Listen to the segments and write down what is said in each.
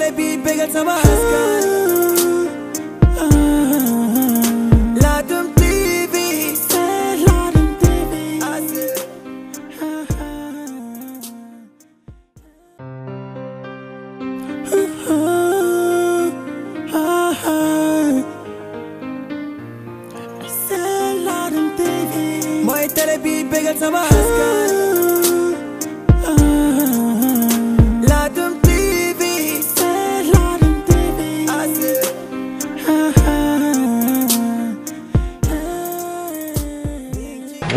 Gele bi bégal sama askan Ladoum TV Ladoum TV Ladoum TV Mooy télé bi bégal sama askan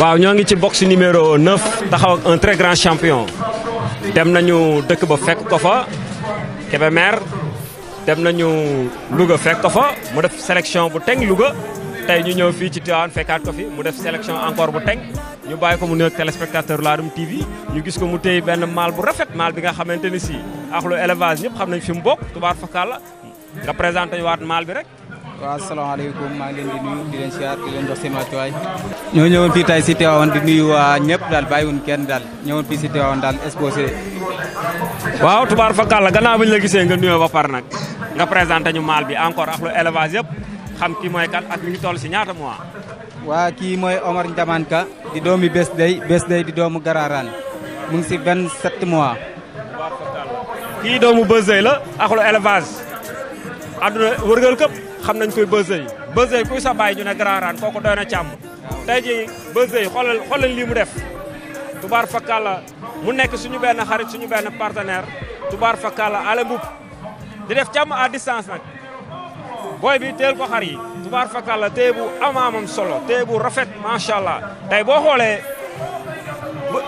waaw ñoo ngi ci box numéro 9 taxaw ak un très grand champion dem nañu dëkk ba fekk ko fa Kébémer dem nañu Louga fekk ko fa mu def sélection bu teng Louga tey ñu ñëw fii ci Tivaouane fekkaat ko fi mu def sélection encore bu teng ñu bàyyi ko mu nuyoog laa Ladoum TV ñu gis ko mu téy benn maal bu rafet maal bi nga xamante ni si axlu élevage ñëpp xam nañ fi mu bokk tubaar fakkaal la nga présenté ñu waat maal bi rek waaw asalaamaaleykum maa ngi leen di nuyu di leen siyaar di leen jox seen wàccuwaay ñoo ñëwoon fii tay si Tivaouane di nuyu waa ñëpp daal bàyyiwun kenn daal ñëwoon fii si Tivaouane daal exposé waaw tubaar fa gannaaw bi ñu la gisee nga nuyoo ba par nag nga présenté ñu maal bi encore ak lu élevage yëpp xam kii mooy kat ak mi ngi toll si ñaata mois waa kii mooy Omar Ndiamanka di doomi bes day bés day di doomu Gararaan mu ngi si 27 mois tubaar fakàlla kii la xam nañ koy Beuz Seye Beuz Seye kuy sa baay ñu ne Grand Rane kooku doy na tey jii Beuz Seye xoolal lii mu def tubaar fakkaala mu nekk suñu benn xarit suñu benn partenaire tubaar fakkaala ala mbub di def càmm à distance nag booy bi teel ko xar yi tubaar fakkaala téye bu am solo téye bu rafet macha allah tey boo xoolee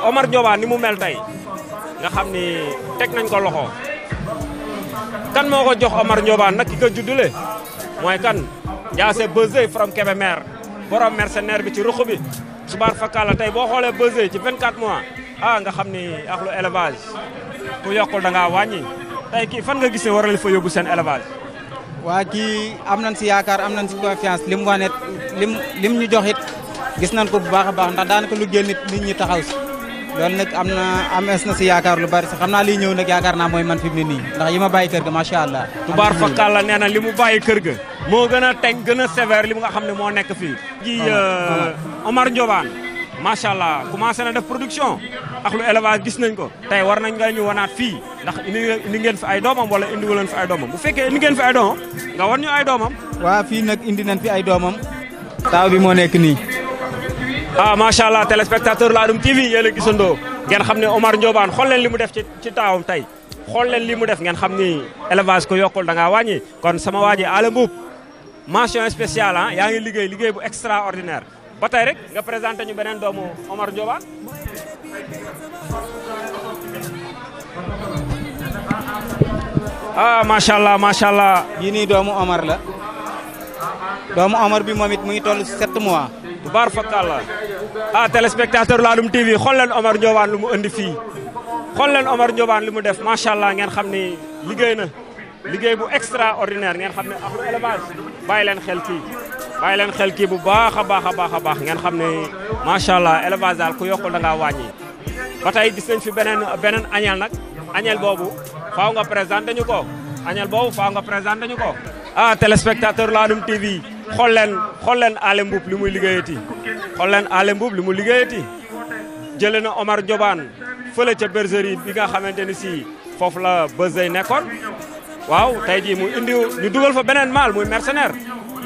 Omar Ndiobane ni mu mel tey nga xam ni teg nañ ko loxo kan moo ko jox Omar Ndiobane nag ki ko juddule mooy kan Ndiassé Beuzé from Kébémer borom mercenaire bi ci ruq bi subaar fakkaal la tey boo xoolee Beuzé ci 24 mois ah nga xam ni axlu élevage ku yokkul da ngaa wàññi tey kii fan nga gis ne war na fa yóbbu seen élevage. waa kii am nañ si yaakaar am nañ si confiance lim wane lim lim ñu jox it gis nañ ko bu baax a baax ndax daanaka lu génn nit ñi taxaw loolu nag am na amees na si yaakaar lu bari si xam naa liy ñëw nag yaakaar naa mooy man fi mu ne nii ndax yi ma bàyyi kër ga macha allah. tubaar fakkaal la nee na li mu bàyyi kër ga. moo gën a teg gën a sévère li mu nga xam ne moo nekk fii. ji Omar euh, Ndiobane macha allah commencé na def production ax lu élevage gis nañ ko. tey war nañ nga ñu wanaat fii ndax indi ngeen fi ay doomam wala indi leen fi ay doomam bu fekkee indi ngeen fi ay doomam nga war ñu ay doomam. waa fii nag indi nañ fi ay doomam. taaw bi moo nekk nii. ah macha allah téléspectateur Ladoum TV yéen a gisandoo ngeen xam ne Omar Ndiobane xool leen li mu def ci ci taawam tey xool leen li mu def ngeen xam ni élevage ko yokkul da waañi kon sama waa ji Ala Mbuub ah, yaa ngi liggéey liggéey bu extraordinaire ba tey rek nga présenté ñu beneen doomu Omar Ndiobane. ah macha allah macha allah. yii nii doomu Omar la doomu Omar bi moom it mu ngi toll 7 mois. tubaar fakalla ah téléspectateur Ladoum TV xool leen Omar Ndiobane lu mu indi fii xool leen Omar Ndiobane li mu def macha allah ngeen xam ni liggéey na liggéey bu extraordinaire ngeen xam ne ak élevage bàyyi leen xel kii bàyyi leen xel kii bu baax a baax a baax a baax ngeen xam ne macha allah élevage daal ku yokkul da ngaa wàññi. ba tey gis nañ fi beneen beneen añel nag añel boobu faaw nga présenté ñu ko añel boobu faaw nga présenté ñu ko ah téléspectateur Ladoum TV. xool leen xool leen Alé Mboup li muy liggéeyati xool leen Alé Mboup li mu ti jële na Omar Diobane fële ca bergerie bi nga xamante ni si foofu la Beuzey nekkoon waaw tey jii mu indi ñu dugal fa beneen maal muy mercenaire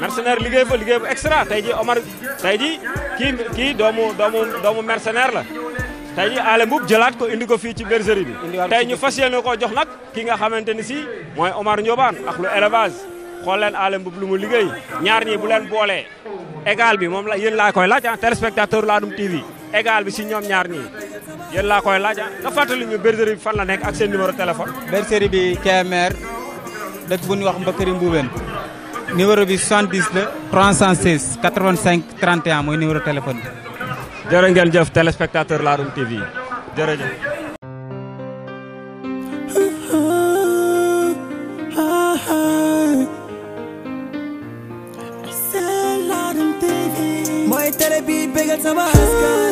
mercenaire liggéey fa liggéey bu extra tey jii Omar tey jii kii kii doomu doomu doomu mercenaire la tey jii ale Mboup jëlaat ko indi ko fii ci bergerie bi ñu fas yéene koo jox nag ki nga xamante ni si mooy Omar Diobane ak lu élevage xool leen Aly Mboup mu liggéey ñaar nii bu leen boolee égal bi moom la yéen laa koy laaj ah laa Ladoum TV égal bi si ñoom ñaar nii yen laa koy laaj ah nga fàttali ñu bergerie bi fan la nekk ak seen numéro téléphone. bergerie bi KMR dëkk bu ñuy wax Mbakari Mbuubeen numéro bi 70 la 316 85 31 mooy numéro téléphone bi. jërë ngeen jëf laa Ladoum TV jërëjëf. baby, bigger to my husband.